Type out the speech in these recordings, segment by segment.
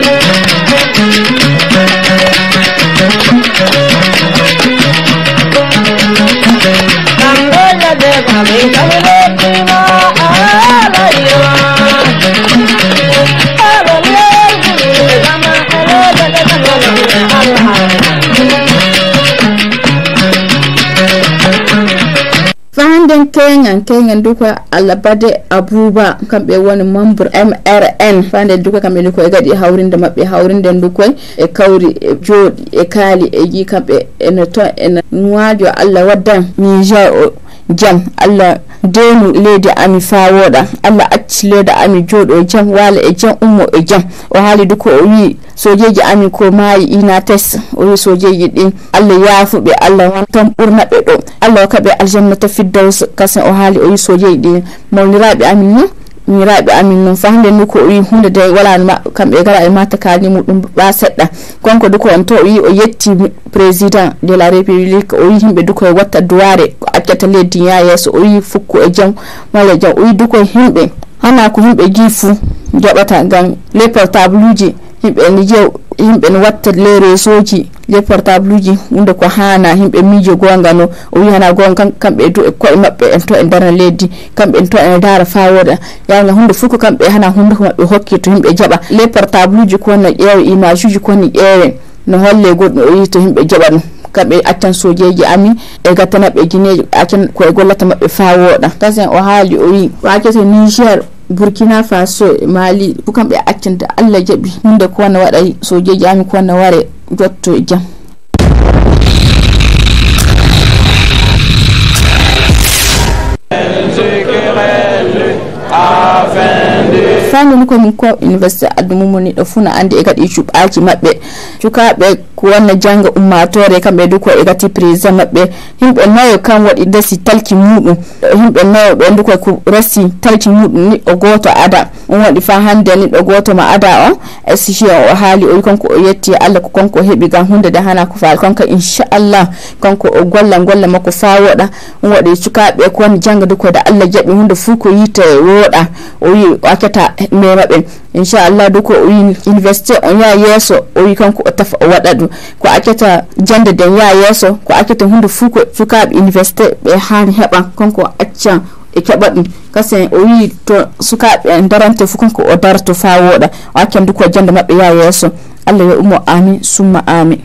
Música fahanden kegan kegan duka alabade abuba kamɓe woni membre mrn fahanden duka kamɓe ni e e e koye gaɗi hawrinde mabɓe hawrinden dukoy e kawri e jooɗi e kaali e yi kamɓe ene to ene waajo allah waddan mijao jam allah denu leydi ami fa woɗa allah acci leyda ami jooɗo e jam waala e jam ummo e jam o haali du ko o wi sojeji ami ko maayi inates o wi sojeji ɗin allah yaafuɓe allah wantan ɓurna ɓe ɗo allah o kaɓe aljannata fiddos kasen o haali o wi sojeji ɗin mawniraɓe amin ni miraɓe amin noon saa nde ndu ko wi hunde de walani kamɓe gara e matakaji muɗum ɓa seɗɗa konko duko on to o wi o yetti président de la république o wi yimɓe dukoye watta duware ko accata leddi ya yesso o wi fukku e jaam mala jaam o wi dukoye himɓe hana ko yimɓe gi fuu joɓata gam les portable uji yimɓe ni jew yimɓe ni watta les réseau ji les portable uji hunde ko hana yimɓe miijo gonga no o wi hana gonga kamɓe do e koye mabɓe en to e nder leddi kamɓe en to ene daara fawoda yawga hunde fof ko kamɓe hana hunde ko mabɓe hokki to yimɓe jaɓa les portable uji kowonno ƴeewe image uji kowonno ƴeewe no holle goɗɗum o wi to yimɓe joɓa ɗum kamɓe accan sojeji amin e gattanaɓe jineji accan koye gollata mabɓe fa wooɗa tasin o haali o wi wajata niger burkina faso mali fo kamɓe accanta allah jaaɓi hunde kowona waɗa sojeji amin kowona ware jotto e jaam fandini komin ko université aduna mum woni ɗo fuu na anndi e gaɗi cuɓaaji maɓɓe cukaɓe wonna janga ummatore kamɓe du ko e gati président maɓɓe himɓe nayo kam waɗi dasi talki muɗum himɓe nayo ɓe du ko resi talki muɗum ni o ada on waɗi fa ni ɗo ma ada on sgia o haali o wi o yetti allah ko konko heɓi de hana ko faali konka inchallah konko o golla golla makko fa woɗa on waɗi cukaɓe ko woni jannga du koyda allah jaɓi hunde fuu yite woɗa o wi mema ɓen inchallah du ko o wi université on yaha yesso o wi kanko o tafa o waɗa ɗum ko accata jande den yaha yesso ko accata hunde fuu ko sukaɓe université ɓe hani heɓan kanko o accan e keɓa ɗum kase o wi to sukaɓe darante fuu kanko o darato fa woɗa o accan du ko jande mabɓe yaha yesso allah yo ummo amin summa amin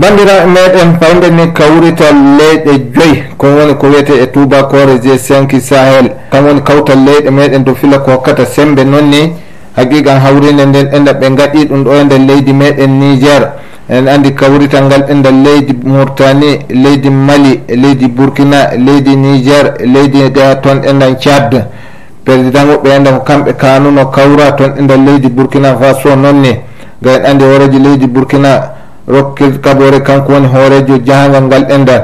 bandiraɓe meɗen fayde ni kawrital leyɗe joyi ko woni ko wiyete e tubakore g cinqi sahel kam woni kawtal leyɗe meɗen dow fila ko hokkata sembe noon ni haqiqan hawrinde nden enda ɓe gaɗi ɗum ɗo e nder leydi meɗen niger en andi kawrital ngal ɓenda leydi mourtani leydi mali leydi burkina leydi niger leydi ga toon ɗendan thad président woɓɓe enda ko kamɓe kanuno kawra toon ɗendan leydi burkina faso noon ni ga en andi horeji leydi burkina rokkir kabore kanko woni hoorejo jahangal ngal enda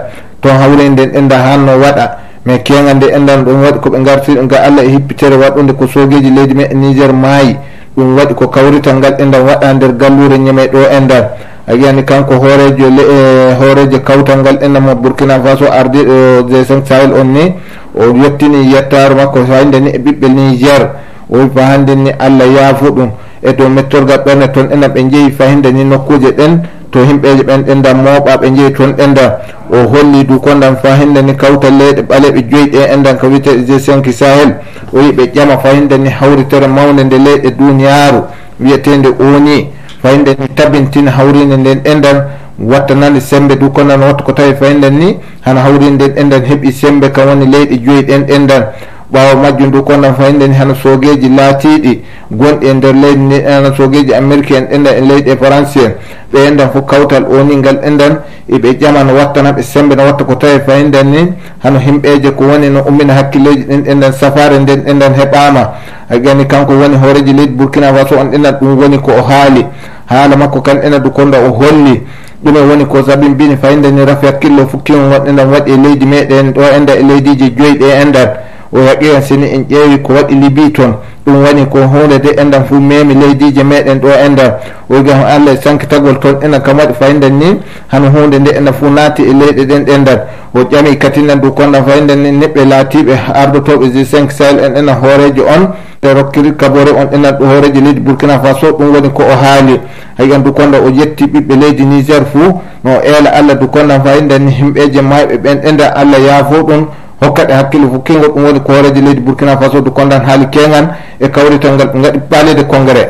ton hawle nden enda hanno waɗa mais kengal nde endan ɗum waɗi koɓe gartiɗum ga allah e hippitere waɗunde ko soogueji leydi me e niger maayi ɗum waɗi ko kawrital ngal endan waɗa nder gallure ñeme ɗo endan a yiyani kanko hoorejo le e, hoorejo kawtal ngal endan mo burkina faso ardiɗo de cinq sahel on ni o yettini yettaro makko hande ni e ɓiɓɓe niger o wi fa hande ni allah yaafo ɗum e dow mettorgal ɓerne toon enan ɓe jeeyi fayhinde ni nokkuje ɗen to yimɓeje ɓen ɗenda mooɓa ɓe jeeyi toon ɗenda o holli du kondan fa hinde ni kawta leyɗe ɓaleɓe joyi ɗe endan ko wiyeteɗe g cinq sahel o yi ɓe ƴama fa hinde ni hawritere mawde nde leyɗe duniyaaru wiyetede ooni fayinde ni tabintina hawrinde nden ɗendan wattanande sembe du kondan watta ko tawi fayinden ni hana hawrinde nden ɗendan heeɓi sembe kam woni leyɗe joyi ɗen ɗendan ɓawa majju ndu kono fayden e hena soogueji laatiɗi gonɗi e nder leydi ndi ena soogueji américain en ɗenda e leydi e france en ɓe endan fo kawtal o ni ngal endan eɓe ƴamano wattana ɓe sembe no watta ko tawi e fayden ni hano himɓeje ko woni no ummina hakkilleji ɗen ɗendan safare nden ɗendan heɓama agani kanko woni hooreji leydi bourkina faso on ɗendan ɗum woni ko o haali haala makko kan ena du konda o holli ɗume woni ko sabin mbini fayndeni rafi hakkille fukkimo gonɗendan waɗi e leydi meɗen ɗo enda e leydiji joyyi ɗe endan o yaqiran sini en ƴeewi ko waɗi libi toon ɗum wani ko hunde de endan fu memi leydiji meɗen ɗo endan oygam allah e sankitagol toon enen kam waɗi fayiden ni hano hunde nde enen fu naati e leyɗe ɗen ɗendan o ƴami katinan du konɗan fayiden ni neɓɓe laatiɓe ardotoɓe g5 sahel en enen hooreji on te rokkiri kabore on enen ɗo hooreji leydi burkina faso ɗum woni ko o haali hayiyan du konɗa o yetti ɓiɓɓe leydi niger fuu no eela allah du konɗan fayiden ni himɓeje mayɓe ɓen ɗendan allah yaafo ɗum hokkaɗe hakkille fo kengol ɗum woni ko hooreji leydi burkina faso du kondan haali kengan e kawrital ngal ɓe gaɗi ɓalede congrés